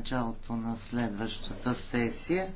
началото на следващата сесия.